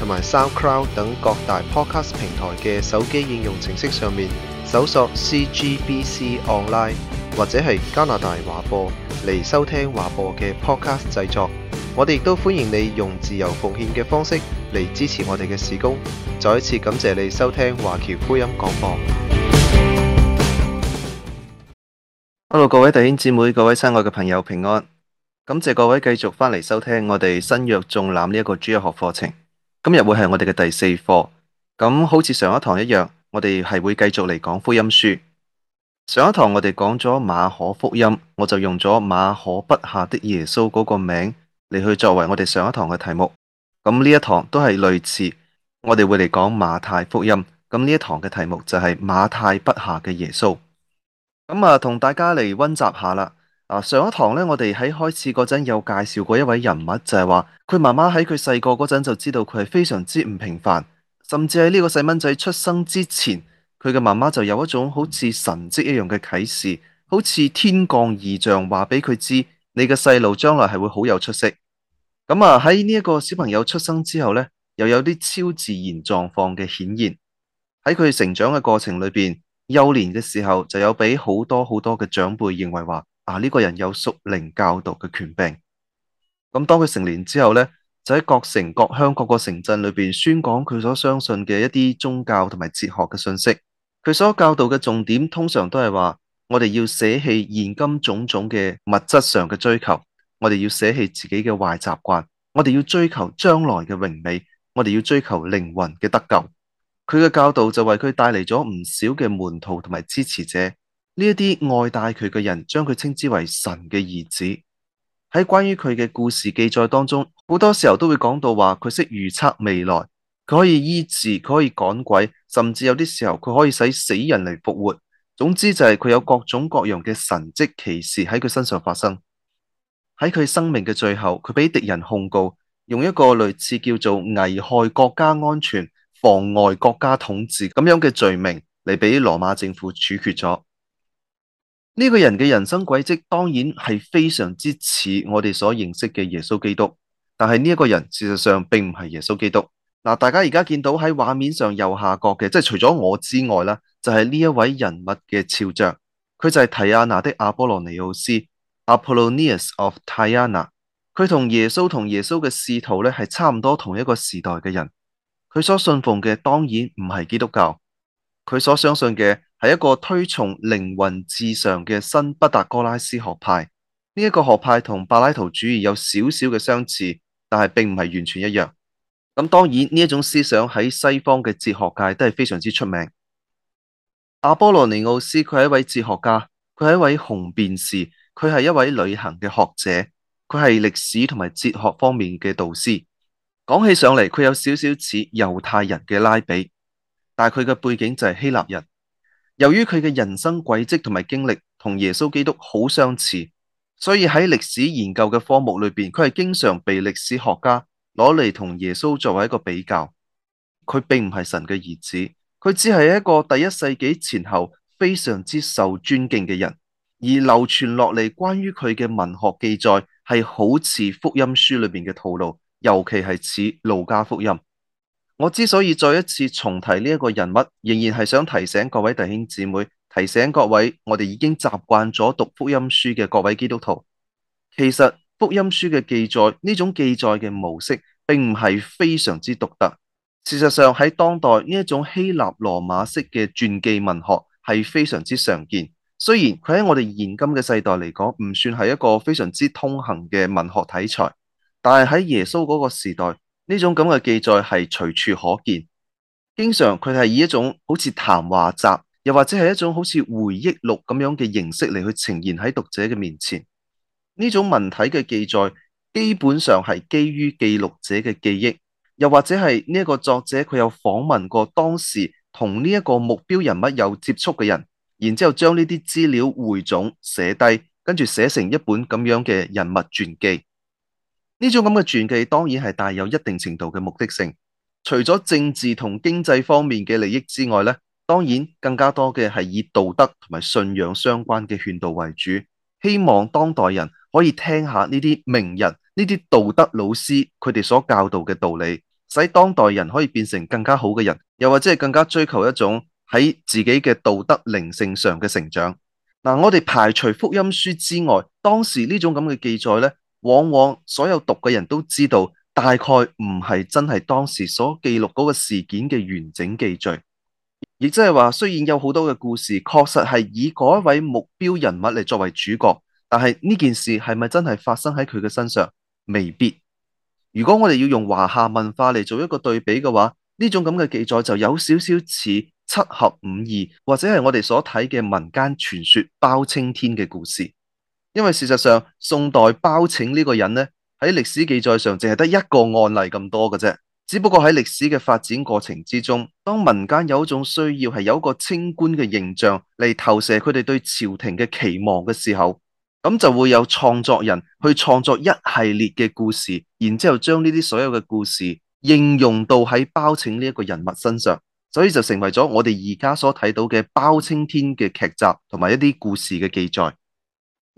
同埋 SoundCloud 等各大 Podcast 平台嘅手機應用程式上面搜索 CGBC Online 或者係加拿大華播嚟收聽華播嘅 Podcast 製作。我哋亦都歡迎你用自由奉獻嘅方式嚟支持我哋嘅事工。再一次感謝你收聽華僑福音廣播。Hello，各位弟兄姊妹，各位親愛嘅朋友，平安！感謝各位繼續翻嚟收聽我哋新約綜覽呢一個主日學課程。今日會係我哋嘅第四課，咁好似上一堂一樣，我哋係會繼續嚟講福音書。上一堂我哋講咗馬可福音，我就用咗馬可筆下的耶穌嗰個名嚟去作為我哋上一堂嘅題目。咁呢一堂都係類似，我哋會嚟講馬太福音。咁呢一堂嘅題目就係馬太筆下嘅耶穌。咁啊，同大家嚟溫習下啦。上一堂呢，我哋喺開始嗰陣有介紹過一位人物就是說，就係話佢媽媽喺佢細個嗰陣就知道佢係非常之唔平凡，甚至喺呢個細蚊仔出生之前，佢嘅媽媽就有一種好似神蹟一樣嘅啟示，好似天降異象，話俾佢知你嘅細路將來係會好有出息。咁啊，喺呢一個小朋友出生之後呢，又有啲超自然狀況嘅顯現，喺佢成長嘅過程裏邊，幼年嘅時候就有俾好多好多嘅長輩認為話。嗱，呢個人有屬靈教導嘅權柄。咁當佢成年之後咧，就喺各城各鄉各個城鎮裏邊宣講佢所相信嘅一啲宗教同埋哲學嘅信息。佢所教導嘅重點通常都係話：我哋要捨棄現今種種嘅物質上嘅追求，我哋要捨棄自己嘅壞習慣，我哋要追求將來嘅榮美，我哋要追求靈魂嘅得救。佢嘅教導就為佢帶嚟咗唔少嘅門徒同埋支持者。呢一啲愛戴佢嘅人，將佢稱之為神嘅兒子。喺關於佢嘅故事記載當中，好多時候都會講到話佢識預測未來，佢可以醫治，佢可以趕鬼，甚至有啲時候佢可以使死人嚟復活。總之就係佢有各種各樣嘅神蹟奇事喺佢身上發生。喺佢生命嘅最後，佢俾敵人控告，用一個類似叫做危害國家安全、妨礙國家統治咁樣嘅罪名嚟俾羅馬政府處決咗。呢個人嘅人生軌跡當然係非常之似我哋所認識嘅耶穌基督，但係呢一個人事實上並唔係耶穌基督。嗱，大家而家見到喺畫面上右下角嘅，即係除咗我之外啦，就係呢一位人物嘅肖像，佢就係提亞納的阿波羅尼奧斯 （Apollonius of Tyana）。佢同耶穌同耶穌嘅使徒咧係差唔多同一個時代嘅人，佢所信奉嘅當然唔係基督教，佢所相信嘅係一個推崇靈魂至上嘅新畢達哥拉斯學派，呢、這、一個學派同柏拉圖主義有少少嘅相似，但係並唔係完全一樣。咁當然呢一種思想喺西方嘅哲學界都係非常之出名。阿波羅尼奧斯佢係一位哲學家，佢係一位雄辯士，佢係一位旅行嘅學者，佢係歷史同埋哲學方面嘅導師。講起上嚟，佢有少少似猶太人嘅拉比，但係佢嘅背景就係希臘人。由於佢嘅人生軌跡同埋經歷同耶穌基督好相似，所以喺歷史研究嘅科目裏邊，佢係經常被歷史學家攞嚟同耶穌作為一個比較。佢並唔係神嘅兒子，佢只係一個第一世紀前後非常之受尊敬嘅人，而流傳落嚟關於佢嘅文學記載係好似福音書裏邊嘅套路，尤其係似路加福音。我之所以再一次重提呢一個人物，仍然係想提醒各位弟兄姊妹，提醒各位，我哋已經習慣咗讀福音書嘅各位基督徒，其實福音書嘅記載呢種記載嘅模式，並唔係非常之獨特。事實上喺當代呢一種希臘羅馬式嘅傳記文學係非常之常見。雖然佢喺我哋現今嘅世代嚟講，唔算係一個非常之通行嘅文學題材，但係喺耶穌嗰個時代。呢種咁嘅記載係隨處可見，經常佢係以一種好似談話集，又或者係一種好似回憶錄咁樣嘅形式嚟去呈現喺讀者嘅面前。呢種文體嘅記載，基本上係基於記錄者嘅記憶，又或者係呢一個作者佢有訪問過當時同呢一個目標人物有接觸嘅人，然之後將呢啲資料匯總寫低，跟住寫成一本咁樣嘅人物傳記。呢種咁嘅傳記當然係帶有一定程度嘅目的性，除咗政治同經濟方面嘅利益之外咧，當然更加多嘅係以道德同埋信仰相關嘅勸導為主，希望當代人可以聽下呢啲名人、呢啲道德老師佢哋所教導嘅道理，使當代人可以變成更加好嘅人，又或者係更加追求一種喺自己嘅道德靈性上嘅成長。嗱、嗯，我哋排除福音書之外，當時這種這呢種咁嘅記載咧。往往所有讀嘅人都知道，大概唔係真係當時所記錄嗰個事件嘅完整記載，亦即係話，雖然有好多嘅故事確實係以嗰一位目標人物嚟作為主角，但係呢件事係咪真係發生喺佢嘅身上，未必。如果我哋要用華夏文化嚟做一個對比嘅話，呢種咁嘅記載就有少少似七俠五義，或者係我哋所睇嘅民間傳說包青天嘅故事。因為事實上，宋代包拯呢個人咧，喺歷史記載上淨係得一個案例咁多嘅啫。只不過喺歷史嘅發展過程之中，當民間有一種需要係有一個清官嘅形象嚟投射佢哋對朝廷嘅期望嘅時候，咁就會有創作人去創作一系列嘅故事，然之後將呢啲所有嘅故事應用到喺包拯呢一個人物身上，所以就成為咗我哋而家所睇到嘅包青天嘅劇集同埋一啲故事嘅記載。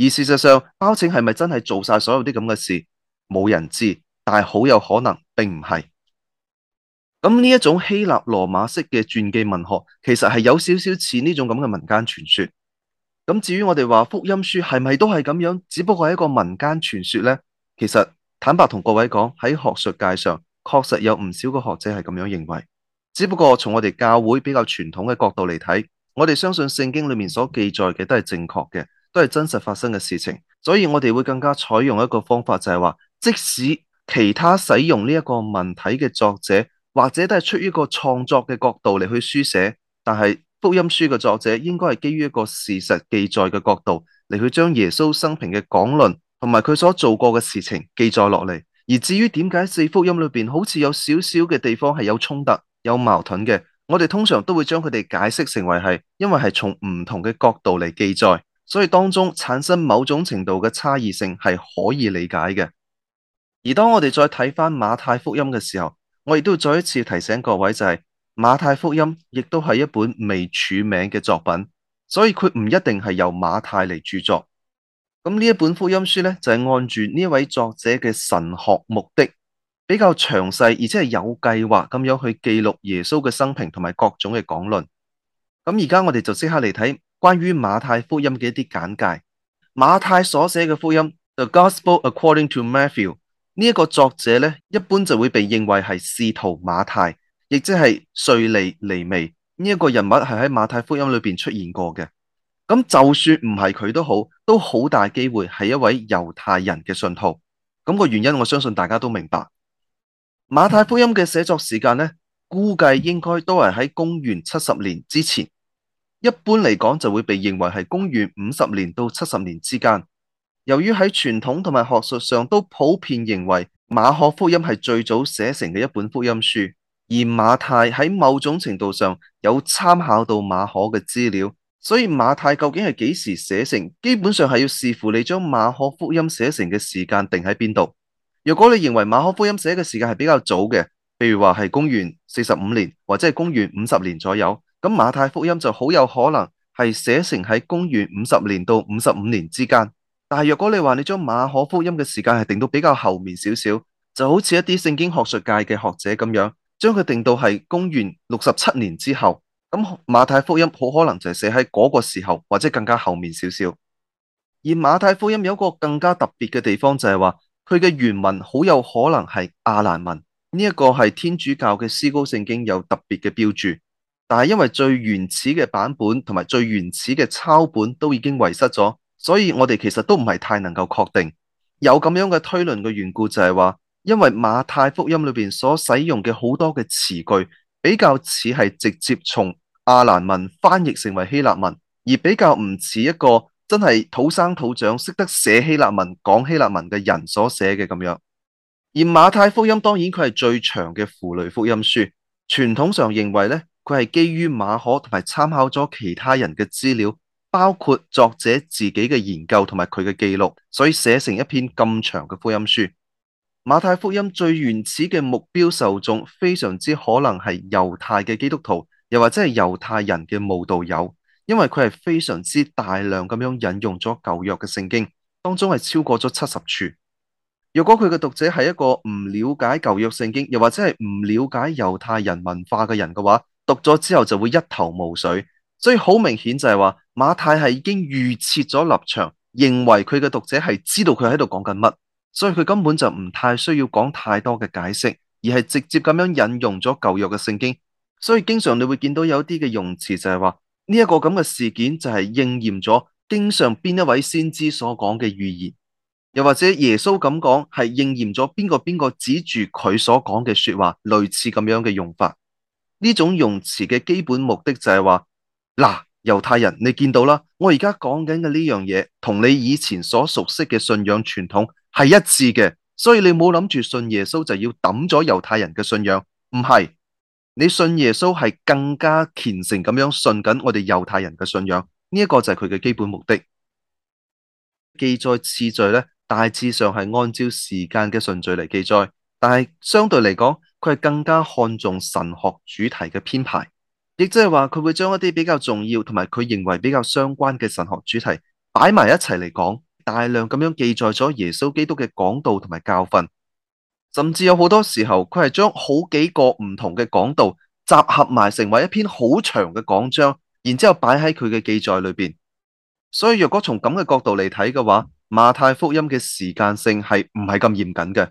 而事實上，包拯係咪真係做晒所有啲咁嘅事？冇人知，但係好有可能並唔係。咁呢一種希臘羅馬式嘅傳記文學，其實係有少少似呢種咁嘅民間傳說。咁至於我哋話福音書係咪都係咁樣，只不過係一個民間傳說咧？其實坦白同各位講，喺學術界上確實有唔少個學者係咁樣認為。只不過從我哋教會比較傳統嘅角度嚟睇，我哋相信聖經裡面所記載嘅都係正確嘅。都係真實發生嘅事情，所以我哋會更加採用一個方法，就係話，即使其他使用呢一個文體嘅作者，或者都係出於一個創作嘅角度嚟去書寫，但係福音書嘅作者應該係基於一個事實記載嘅角度嚟去將耶穌生平嘅講論同埋佢所做過嘅事情記載落嚟。而至於點解四福音裏邊好似有少少嘅地方係有衝突、有矛盾嘅，我哋通常都會將佢哋解釋成為係因為係從唔同嘅角度嚟記載。所以當中產生某種程度嘅差異性係可以理解嘅。而當我哋再睇翻馬太福音嘅時候，我亦都要再一次提醒各位，就是，就係馬太福音亦都係一本未署名嘅作品，所以佢唔一定係由馬太嚟著作。咁呢一本福音書咧，就係按住呢一位作者嘅神學目的，比較詳細而且係有計劃咁樣去記錄耶穌嘅生平同埋各種嘅講論。咁而家我哋就即刻嚟睇。關於馬太福音嘅一啲簡介，馬太所寫嘅福音，The Gospel According to Matthew 呢一個作者咧，一般就會被認為係使徒馬太，亦即係稅吏利未呢一、這個人物係喺馬太福音裏邊出現過嘅。咁就算唔係佢都好，都好大機會係一位猶太人嘅信徒。咁、那個原因，我相信大家都明白。馬太福音嘅寫作時間咧，估計應該都係喺公元七十年之前。一般嚟講，就會被認為係公元五十年到七十年之間。由於喺傳統同埋學術上都普遍認為馬可福音係最早寫成嘅一本福音書，而馬太喺某種程度上有參考到馬可嘅資料，所以馬太究竟係幾時寫成，基本上係要視乎你將馬可福音寫成嘅時間定喺邊度。若果你認為馬可福音寫嘅時間係比較早嘅，譬如話係公元四十五年或者係公元五十年左右。咁馬太福音就好有可能係寫成喺公元五十年到五十五年之間，但係若果你話你將馬可福音嘅時間係定到比較後面少少，就好似一啲聖經學術界嘅學者咁樣，將佢定到係公元六十七年之後，咁馬太福音好可能就係寫喺嗰個時候或者更加後面少少。而馬太福音有一個更加特別嘅地方就係話，佢嘅原文好有可能係亞蘭文，呢、這、一個係天主教嘅《思高聖經》有特別嘅標注。但係因為最原始嘅版本同埋最原始嘅抄本都已經遺失咗，所以我哋其實都唔係太能夠確定。有咁樣嘅推論嘅緣故就係話，因為馬太福音裏邊所使用嘅好多嘅詞句比較似係直接從阿蘭文翻譯成為希臘文，而比較唔似一個真係土生土長識得寫希臘文、講希臘文嘅人所寫嘅咁樣。而馬太福音當然佢係最長嘅符類福音書，傳統上認為呢。佢係基於馬可同埋參考咗其他人嘅資料，包括作者自己嘅研究同埋佢嘅記錄，所以寫成一篇咁長嘅福音書。馬太福音最原始嘅目標受眾非常之可能係猶太嘅基督徒，又或者係猶太人嘅慕道友，因為佢係非常之大量咁樣引用咗舊約嘅聖經，當中係超過咗七十處。如果佢嘅讀者係一個唔了解舊約聖經，又或者係唔了解猶太人文化嘅人嘅話，讀咗之後就會一頭霧水，所以好明顯就係話馬太係已經預設咗立場，認為佢嘅讀者係知道佢喺度講緊乜，所以佢根本就唔太需要講太多嘅解釋，而係直接咁樣引用咗舊約嘅聖經。所以經常你會見到有啲嘅用詞就係話呢一個咁嘅事件就係應驗咗，經常邊一位先知所講嘅預言，又或者耶穌咁講係應驗咗邊個邊個指住佢所講嘅說話類似咁樣嘅用法。呢種用詞嘅基本目的就係話，嗱，猶太人，你見到啦，我而家講緊嘅呢樣嘢，同你以前所熟悉嘅信仰傳統係一致嘅，所以你冇諗住信耶穌就要抌咗猶太人嘅信仰，唔係，你信耶穌係更加虔誠咁樣信緊我哋猶太人嘅信仰，呢一個就係佢嘅基本目的。記載次序咧，大致上係按照時間嘅順序嚟記載，但係相對嚟講。佢係更加看重神學主題嘅編排，亦即係話佢會將一啲比較重要同埋佢認為比較相關嘅神學主題擺埋一齊嚟講，大量咁樣記載咗耶穌基督嘅講道同埋教訓，甚至有好多時候佢係將好幾個唔同嘅講道集合埋成為一篇好長嘅講章，然之後擺喺佢嘅記載裏邊。所以若果從咁嘅角度嚟睇嘅話，馬太福音嘅時間性係唔係咁嚴謹嘅。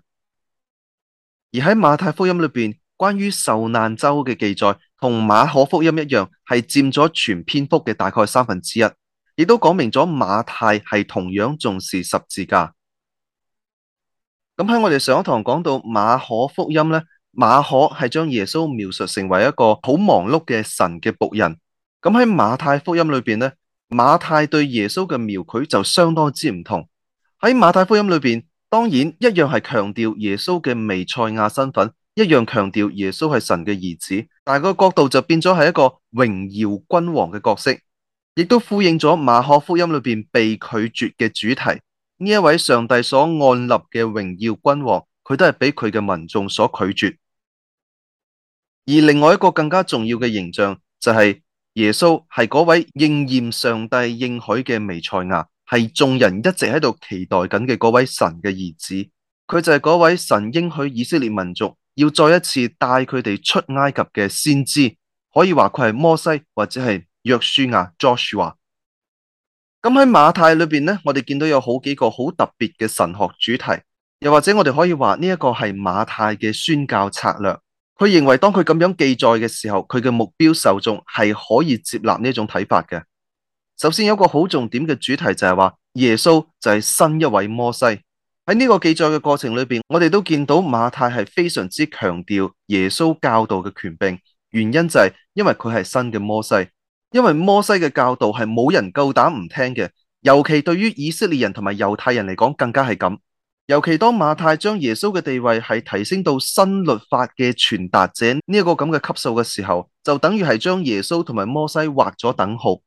而喺馬太福音裏邊，關於受難周嘅記載，同馬可福音一樣，係佔咗全篇幅嘅大概三分之一，亦都講明咗馬太係同樣重視十字架。咁喺我哋上一堂講到馬可福音咧，馬可係將耶穌描述成為一個好忙碌嘅神嘅僕人。咁喺馬太福音裏邊咧，馬太對耶穌嘅描繪就相當之唔同。喺馬太福音裏邊。當然，一樣係強調耶穌嘅彌賽亞身份，一樣強調耶穌係神嘅兒子，但係個角度就變咗係一個榮耀君王嘅角色，亦都呼應咗馬可福音裏面被拒絕嘅主題。呢一位上帝所按立嘅榮耀君王，佢都係俾佢嘅民眾所拒絕。而另外一個更加重要嘅形象就係耶穌係嗰位應驗上帝應許嘅彌賽亞。係眾人一直喺度期待緊嘅嗰位神嘅兒子，佢就係嗰位神應許以色列民族要再一次帶佢哋出埃及嘅先知，可以話佢係摩西或者係約書亞、Joshua。咁喺馬太裏邊咧，我哋見到有好幾個好特別嘅神學主題，又或者我哋可以話呢一個係馬太嘅宣教策略。佢認為當佢咁樣記載嘅時候，佢嘅目標受眾係可以接納呢一種睇法嘅。首先有一個好重點嘅主題就係話耶穌就係新一位摩西。喺呢個記載嘅過程裏邊，我哋都見到馬太係非常之強調耶穌教導嘅權柄，原因就係因為佢係新嘅摩西，因為摩西嘅教導係冇人夠膽唔聽嘅，尤其對於以色列人同埋猶太人嚟講更加係咁。尤其當馬太將耶穌嘅地位係提升到新律法嘅傳達者呢一個咁嘅級數嘅時候，就等於係將耶穌同埋摩西劃咗等號。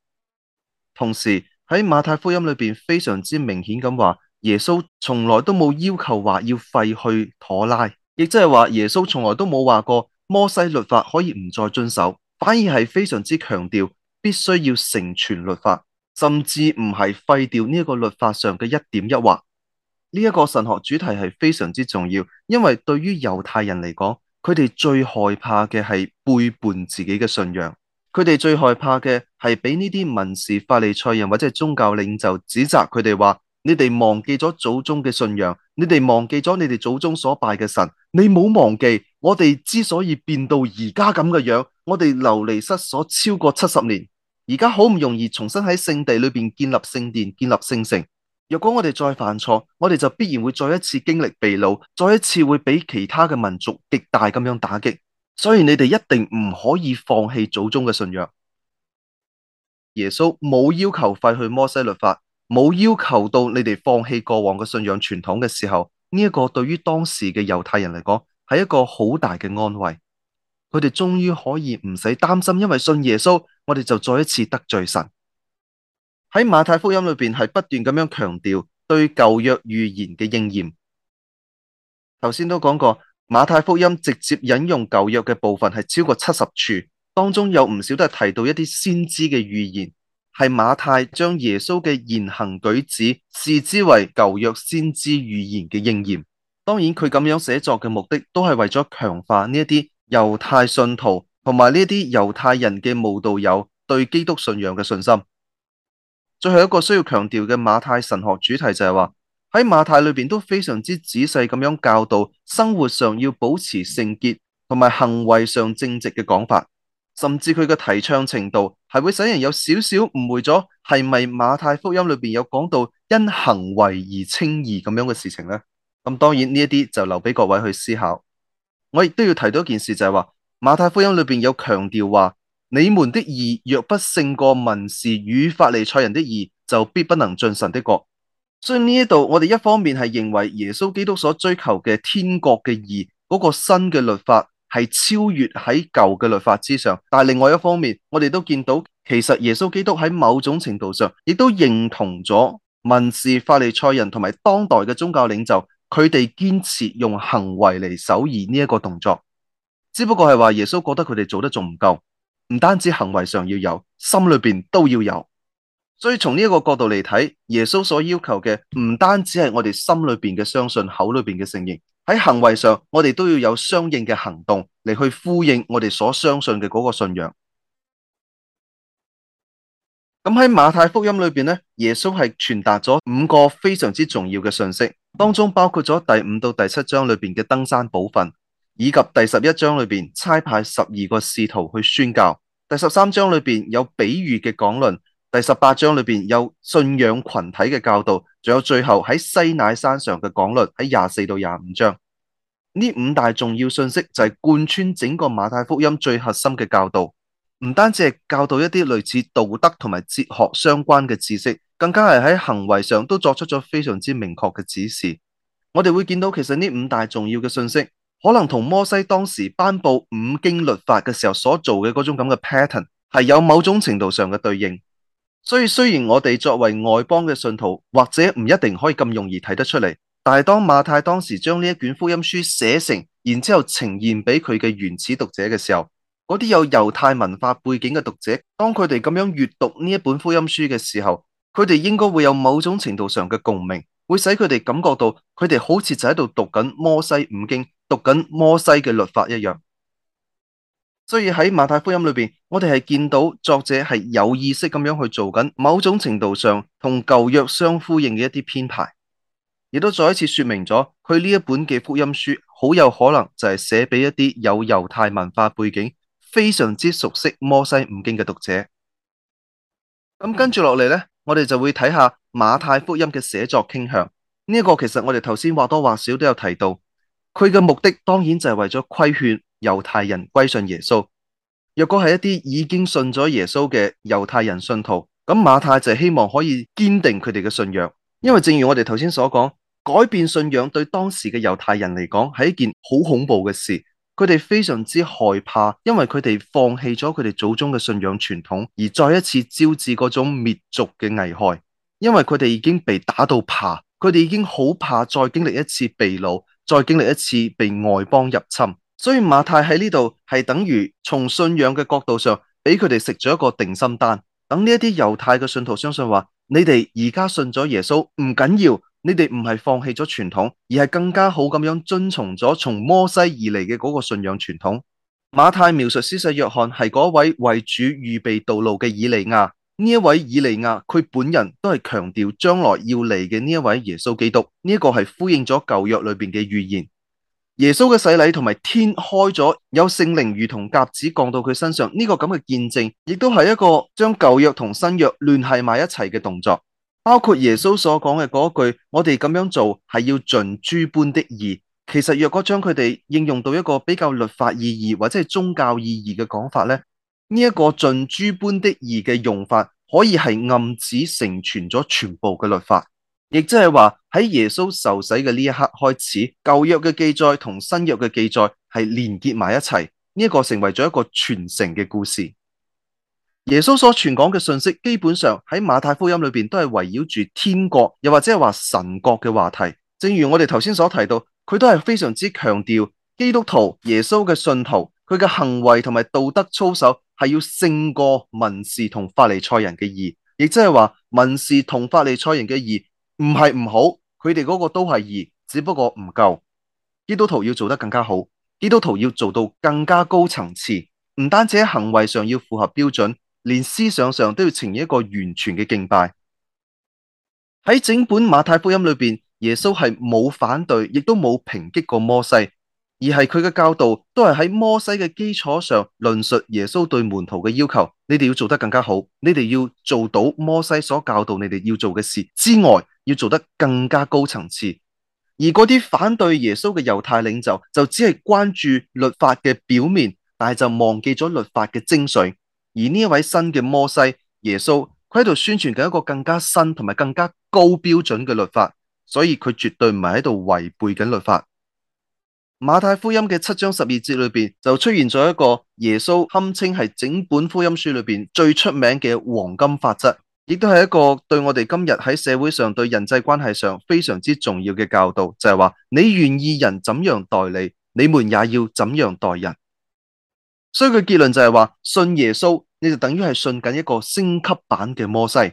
同時喺馬太福音裏邊非常之明顯咁話，耶穌從來都冇要求話要廢去妥拉，亦即係話耶穌從來都冇話過摩西律法可以唔再遵守，反而係非常之強調必須要成全律法，甚至唔係廢掉呢一個律法上嘅一點一畫。呢一個神學主題係非常之重要，因為對於猶太人嚟講，佢哋最害怕嘅係背叛自己嘅信仰。佢哋最害怕嘅係俾呢啲文士法利賽人或者宗教領袖指責佢哋話：你哋忘記咗祖宗嘅信仰，你哋忘記咗你哋祖宗所拜嘅神。你冇忘記，我哋之所以變到而家咁嘅樣，我哋流離失所超過七十年，而家好唔容易重新喺聖地裏邊建立聖殿、建立聖城。若果我哋再犯錯，我哋就必然會再一次經歷被擄，再一次會俾其他嘅民族極大咁樣打擊。所以你哋一定唔可以放棄祖宗嘅信仰。耶穌冇要求廢去摩西律法，冇要求到你哋放棄過往嘅信仰傳統嘅時候，呢一個對於當時嘅猶太人嚟講，係一個好大嘅安慰。佢哋終於可以唔使擔心，因為信耶穌，我哋就再一次得罪神。喺馬太福音裏邊係不斷咁樣強調對舊約預言嘅應驗。頭先都講過。馬太福音直接引用舊約嘅部分係超過七十處，當中有唔少都係提到一啲先知嘅預言，係馬太將耶穌嘅言行舉止視之為舊約先知預言嘅應驗。當然，佢咁樣寫作嘅目的都係為咗強化呢一啲猶太信徒同埋呢啲猶太人嘅慕道友對基督信仰嘅信心。最後一個需要強調嘅馬太神學主題就係話。喺馬太裏邊都非常之仔細咁樣教導生活上要保持聖潔同埋行為上正直嘅講法，甚至佢嘅提倡程度係會使人有少少誤會咗，係咪馬太福音裏邊有講到因行為而稱義咁樣嘅事情呢？咁當然呢一啲就留俾各位去思考。我亦都要提到一件事就，就係話馬太福音裏邊有強調話：你們的義若不勝過文士與法利賽人的義，就必不能進神的國。所以呢一度，我哋一方面係認為耶穌基督所追求嘅天國嘅義，嗰個新嘅律法係超越喺舊嘅律法之上，但係另外一方面，我哋都見到，其實耶穌基督喺某種程度上，亦都認同咗民事法利賽人同埋當代嘅宗教領袖，佢哋堅持用行為嚟守義呢一個動作，只不過係話耶穌覺得佢哋做得仲唔夠，唔單止行為上要有，心裏邊都要有。所以從呢一個角度嚟睇，耶穌所要求嘅唔單止係我哋心裏邊嘅相信，口裏邊嘅承認，喺行為上我哋都要有相應嘅行動嚟去呼應我哋所相信嘅嗰個信仰。咁喺馬太福音裏邊咧，耶穌係傳達咗五個非常之重要嘅信息，當中包括咗第五到第七章裏邊嘅登山寶訓，以及第十一章裏邊差派十二個使徒去宣教，第十三章裏邊有比喻嘅講論。第十八章裏邊有信仰群體嘅教導，仲有最後喺西乃山上嘅講律喺廿四到廿五章，呢五大重要信息就係貫穿整個馬太福音最核心嘅教導，唔單止係教導一啲類似道德同埋哲學相關嘅知識，更加係喺行為上都作出咗非常之明確嘅指示。我哋會見到，其實呢五大重要嘅信息可能同摩西當時頒布五經律法嘅時候所做嘅嗰種咁嘅 pattern 係有某種程度上嘅對應。所以雖然我哋作為外邦嘅信徒，或者唔一定可以咁容易睇得出嚟，但係當馬太當時將呢一卷福音書寫成，然之後呈現俾佢嘅原始讀者嘅時候，嗰啲有猶太文化背景嘅讀者，當佢哋咁樣閱讀呢一本福音書嘅時候，佢哋應該會有某種程度上嘅共鳴，會使佢哋感覺到佢哋好似就喺度讀緊摩西五經，讀緊摩西嘅律法一樣。所以喺馬太福音裏邊，我哋係見到作者係有意識咁樣去做緊，某種程度上同舊約相呼應嘅一啲編排，亦都再一次說明咗佢呢一本嘅福音書好有可能就係寫俾一啲有猶太文化背景、非常之熟悉摩西五經嘅讀者。咁跟住落嚟呢，我哋就會睇下馬太福音嘅寫作傾向。呢一個其實我哋頭先或多或少都有提到，佢嘅目的當然就係為咗規勸。猶太人歸信耶穌，若果係一啲已經信咗耶穌嘅猶太人信徒，咁馬太就希望可以堅定佢哋嘅信仰，因為正如我哋頭先所講，改變信仰對當時嘅猶太人嚟講係一件好恐怖嘅事。佢哋非常之害怕，因為佢哋放棄咗佢哋祖宗嘅信仰傳統，而再一次招致嗰種滅族嘅危害。因為佢哋已經被打到怕，佢哋已經好怕再經歷一次被擄，再經歷一次被外邦入侵。所以馬太喺呢度係等於從信仰嘅角度上俾佢哋食咗一個定心丹，等呢一啲猶太嘅信徒相信話，你哋而家信咗耶穌唔緊要，你哋唔係放棄咗傳統，而係更加好咁樣遵從咗從摩西而嚟嘅嗰個信仰傳統。馬太描述施洗約翰係嗰位為主預備道路嘅以利亞，呢一位以利亞佢本人都係強調將來要嚟嘅呢一位耶穌基督，呢一個係呼應咗舊約裏邊嘅預言。耶穌嘅洗禮同埋天開咗，有聖靈如同鴿子降到佢身上，呢、這個咁嘅見證，亦都係一個將舊約同新約聯繫埋一齊嘅動作。包括耶穌所講嘅嗰句，我哋咁樣做係要盡諸般的義。其實若果將佢哋應用到一個比較律法意義或者係宗教意義嘅講法咧，呢、這、一個盡諸般的義嘅用法，可以係暗指成全咗全部嘅律法。亦即係話喺耶穌受洗嘅呢一刻開始，舊約嘅記載同新約嘅記載係連結埋一齊，呢一個成為咗一個傳承嘅故事。耶穌所傳講嘅信息，基本上喺馬太福音裏邊都係圍繞住天國，又或者係話神國嘅話題。正如我哋頭先所提到，佢都係非常之強調基督徒、耶穌嘅信徒，佢嘅行為同埋道德操守係要勝過文士同法利賽人嘅義。亦即係話，文士同法利賽人嘅義，唔係唔好，佢哋嗰個都係義，只不過唔夠。基督徒要做得更加好，基督徒要做到更加高層次。唔單止喺行為上要符合標準，連思想上都要呈現一個完全嘅敬拜。喺整本馬太福音裏邊，耶穌係冇反對，亦都冇抨擊過摩西。而係佢嘅教導都係喺摩西嘅基礎上論述耶穌對門徒嘅要求，你哋要做得更加好，你哋要做到摩西所教導你哋要做嘅事之外，要做得更加高層次。而嗰啲反對耶穌嘅猶太領袖就只係關注律法嘅表面，但係就忘記咗律法嘅精髓。而呢一位新嘅摩西耶穌，佢喺度宣傳緊一個更加新同埋更加高標準嘅律法，所以佢絕對唔係喺度違背緊律法。馬太福音嘅七章十二節裏邊就出現咗一個耶穌堪稱係整本福音書裏邊最出名嘅黃金法則，亦都係一個對我哋今日喺社會上對人際關係上非常之重要嘅教導，就係話你願意人怎樣待你，你們也要怎樣待人。所以佢結論就係話信耶穌你就等於係信緊一個升級版嘅摩西，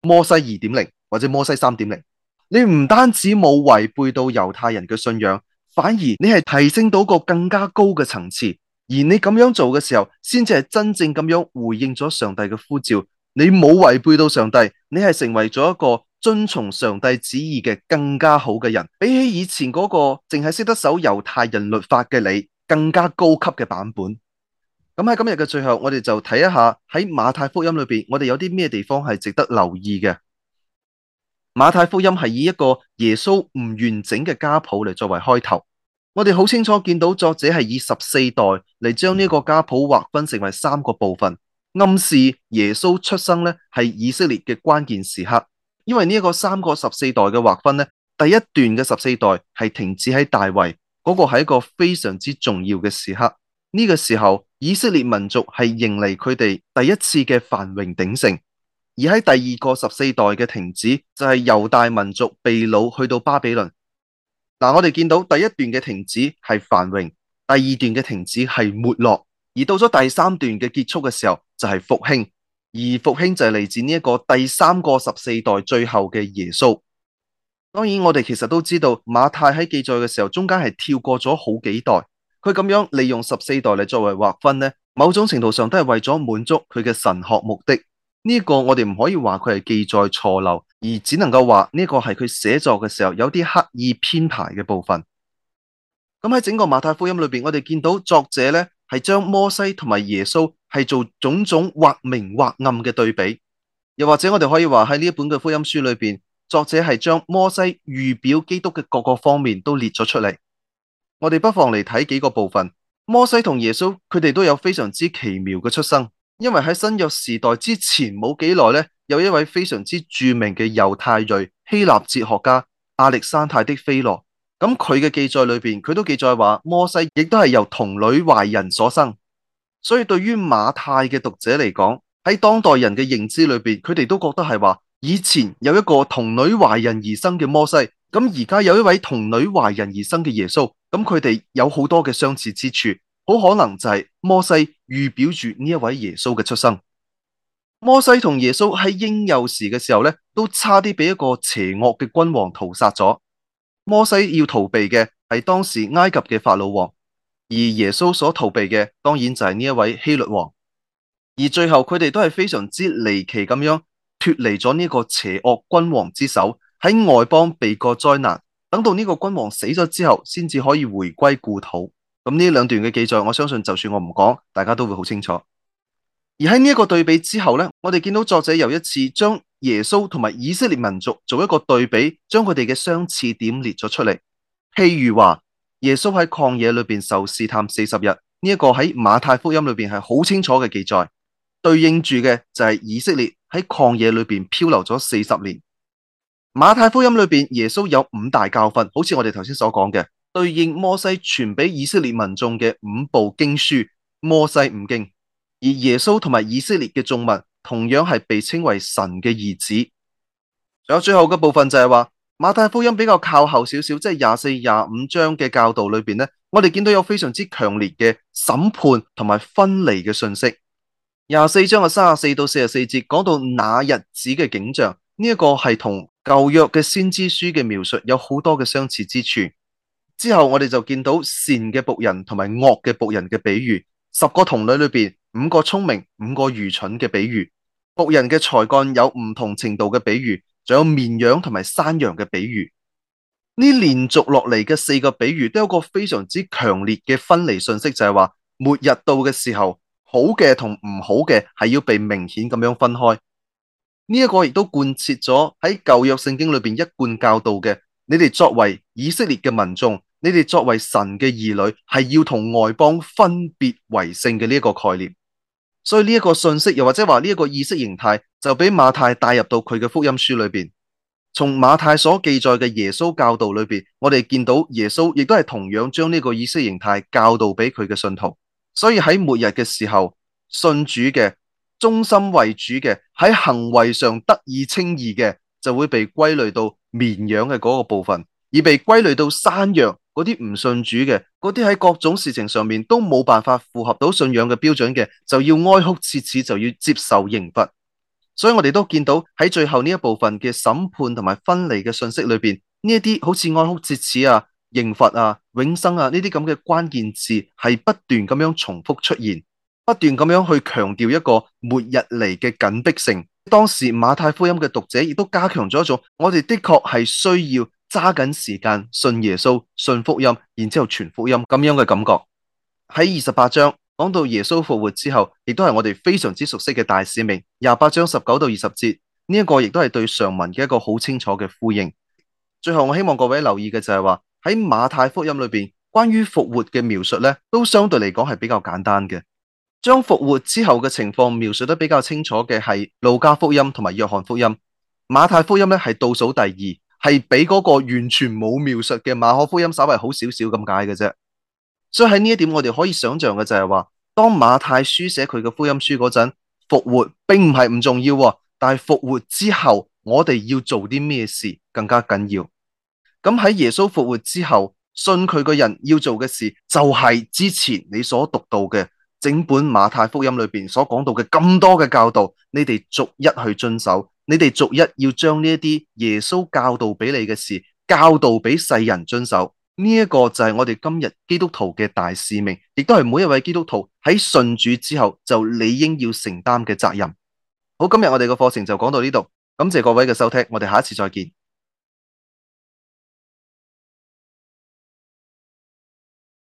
摩西二點零或者摩西三點零，你唔單止冇違背到猶太人嘅信仰，反而你係提升到個更加高嘅層次，而你咁樣做嘅時候，先至係真正咁樣回應咗上帝嘅呼召。你冇違背到上帝，你係成為咗一個遵從上帝旨意嘅更加好嘅人，比起以前嗰個淨係識得守猶太人律法嘅你，更加高級嘅版本。咁喺今日嘅最後，我哋就睇一下喺馬太福音裏邊，我哋有啲咩地方係值得留意嘅。馬太福音係以一個耶穌唔完整嘅家譜嚟，作為開頭。我哋好清楚見到作者係以十四代嚟將呢個家譜劃分成為三個部分，暗示耶穌出生咧係以色列嘅關鍵時刻。因為呢一個三個十四代嘅劃分咧，第一段嘅十四代係停止喺大衛嗰、嗰個係一個非常之重要嘅時刻。呢、呢個時候以色列民族係迎嚟佢哋第一次嘅繁榮鼎盛，而喺第二個十四代嘅停止就係、係、猶大民族被擄去到巴比倫。嗱，我哋見到第一段嘅停止係繁榮，第二段嘅停止係沒落，而到咗第三段嘅結束嘅時候就係復興，而復興就係嚟自，呢一個第三個十四代最後嘅耶穌。當然，我哋其實都知道馬太喺記載嘅時候中間係跳過咗好幾代，佢咁樣利用十四代嚟作為劃分咧，某種程度上都係為咗滿足佢嘅神學目的。呢個我哋唔可以話佢係記載錯漏，而只能夠話呢個係佢寫作嘅時候有啲刻意編排嘅部分。咁喺整個馬太福音裏邊，我哋見到作者咧係將摩西同埋耶穌係做種種或明或暗嘅對比，又或者我哋可以話喺呢一本嘅福音書裏邊，作者係將摩西預表基督嘅各個方面都列咗出嚟。我哋不妨嚟睇幾個部分，摩西同耶穌佢哋都有非常之奇妙嘅出生。因為喺新約時代之前冇幾耐咧，有一位非常之著名嘅猶太裔希臘哲學家亞歷山泰的菲羅，咁佢嘅記載裏邊，佢都記載話摩西亦都係由童女懷孕所生，所以對於馬太嘅讀者嚟講，喺當代人嘅認知裏邊，佢哋都覺得係話以前有一個童女懷孕而生嘅摩西，咁而家有一位童女懷孕而生嘅耶穌，咁佢哋有好多嘅相似之處，好可能就係摩西。預表住呢一位耶穌嘅出生。摩西同耶穌喺嬰幼時嘅時候咧，都差啲俾一個邪惡嘅君王屠殺咗。摩西要逃避嘅係當時埃及嘅法老王，而耶穌所逃避嘅當然就係呢一位希律王。而最後佢哋都係非常之離奇咁樣脱離咗呢個邪惡君王之手，喺外邦避過災難。等到呢個君王死咗之後，先至可以回歸故土。咁呢兩段嘅記載，我相信就算我唔講，大家都會好清楚。而喺呢一個對比之後呢，我哋見到作者又一次將耶穌同埋以色列民族做一個對比，將佢哋嘅相似點列咗出嚟。譬如話，耶穌喺曠野裏邊受試探四十日，呢一個喺馬太福音裏邊係好清楚嘅記載。對應住嘅就係以色列喺曠野裏邊漂流咗四十年。馬太福音裏邊耶穌有五大教訓，好似我哋頭先所講嘅。對應摩西傳俾以色列民眾嘅五部經書《摩西五經》，而耶穌同埋以色列嘅眾民同樣係被稱為神嘅兒子。仲有最後嘅部分就係話馬太福音比較靠後少少，即係廿四廿五章嘅教導裏邊咧，我哋見到有非常之強烈嘅審判同埋分離嘅信息。廿四章嘅三十四到四十四節講到那日子嘅景象，呢一個係同舊約嘅先知書嘅描述有好多嘅相似之處。之後我哋就見到善嘅僕人同埋惡嘅僕人嘅比喻，十個童女裏邊五個聰明、五個愚蠢嘅比喻，僕人嘅才幹有唔同程度嘅比喻，仲有綿羊同埋山羊嘅比喻。呢連續落嚟嘅四個比喻都有一個非常之強烈嘅分離信息，就係話末日到嘅時候，好嘅同唔好嘅係要被明顯咁樣分開。呢一個亦都貫徹咗喺舊約聖經裏邊一貫教導嘅，你哋作為以色列嘅民眾。你哋作為神嘅兒女，係要同外邦分別為聖嘅呢一個概念，所以呢一個信息，又或者話呢一個意識形態，就俾馬太帶入到佢嘅福音書裏邊。從馬太所記載嘅耶穌教導裏邊，我哋見到耶穌亦都係同樣將呢個意識形態教導俾佢嘅信徒。所以喺末日嘅時候，信主嘅、忠心為主嘅、喺行為上得以稱義嘅，就會被歸類到綿羊嘅嗰個部分。而被歸類到山羊嗰啲唔信主嘅，嗰啲喺各種事情上面都冇辦法符合到信仰嘅標準嘅，就要哀哭切齒，就要接受刑罰。所以我哋都見到喺最後呢一部分嘅審判同埋分離嘅信息裏邊，呢一啲好似哀哭切齒啊、刑罰啊、永生啊呢啲咁嘅關鍵字係不斷咁樣重複出現，不斷咁樣去強調一個末日嚟嘅緊迫性。當時馬太福音嘅讀者亦都加強咗一種，我哋的確係需要。揸緊時間信耶穌、信福音，然之後傳福音，咁樣嘅感覺。喺二十八章講到耶穌復活之後，亦都係我哋非常之熟悉嘅大使命。廿八章十九到二十節呢一個亦都係對上文嘅一個好清楚嘅呼應。最後我希望各位留意嘅就係話喺馬太福音裏邊關於復活嘅描述咧，都相對嚟講係比較簡單嘅，將復活之後嘅情況描述得比較清楚嘅係路加福音同埋約翰福音。馬太福音咧係倒數第二，係比嗰個完全冇描述嘅馬可福音稍微好少少咁解嘅啫，所以喺呢一點我哋可以想象嘅就係話，當馬太書寫佢嘅福音書嗰陣，復活並唔係唔重要，但係復活之後我哋要做啲咩事更加緊要。咁喺耶穌復活之後，信佢嘅人要做嘅事就係之前你所讀到嘅整本馬太福音裏面所講到嘅咁多嘅教導，你哋逐一去遵守。你哋逐一要將呢一啲耶穌教導俾你嘅事，教導俾世人遵守。呢一個就係我哋今日基督徒嘅大使命，亦都係每一位基督徒喺信主之後就理應要承擔嘅責任。好，今日我哋嘅課程就講到呢度，感謝各位嘅收聽，我哋下一次再見。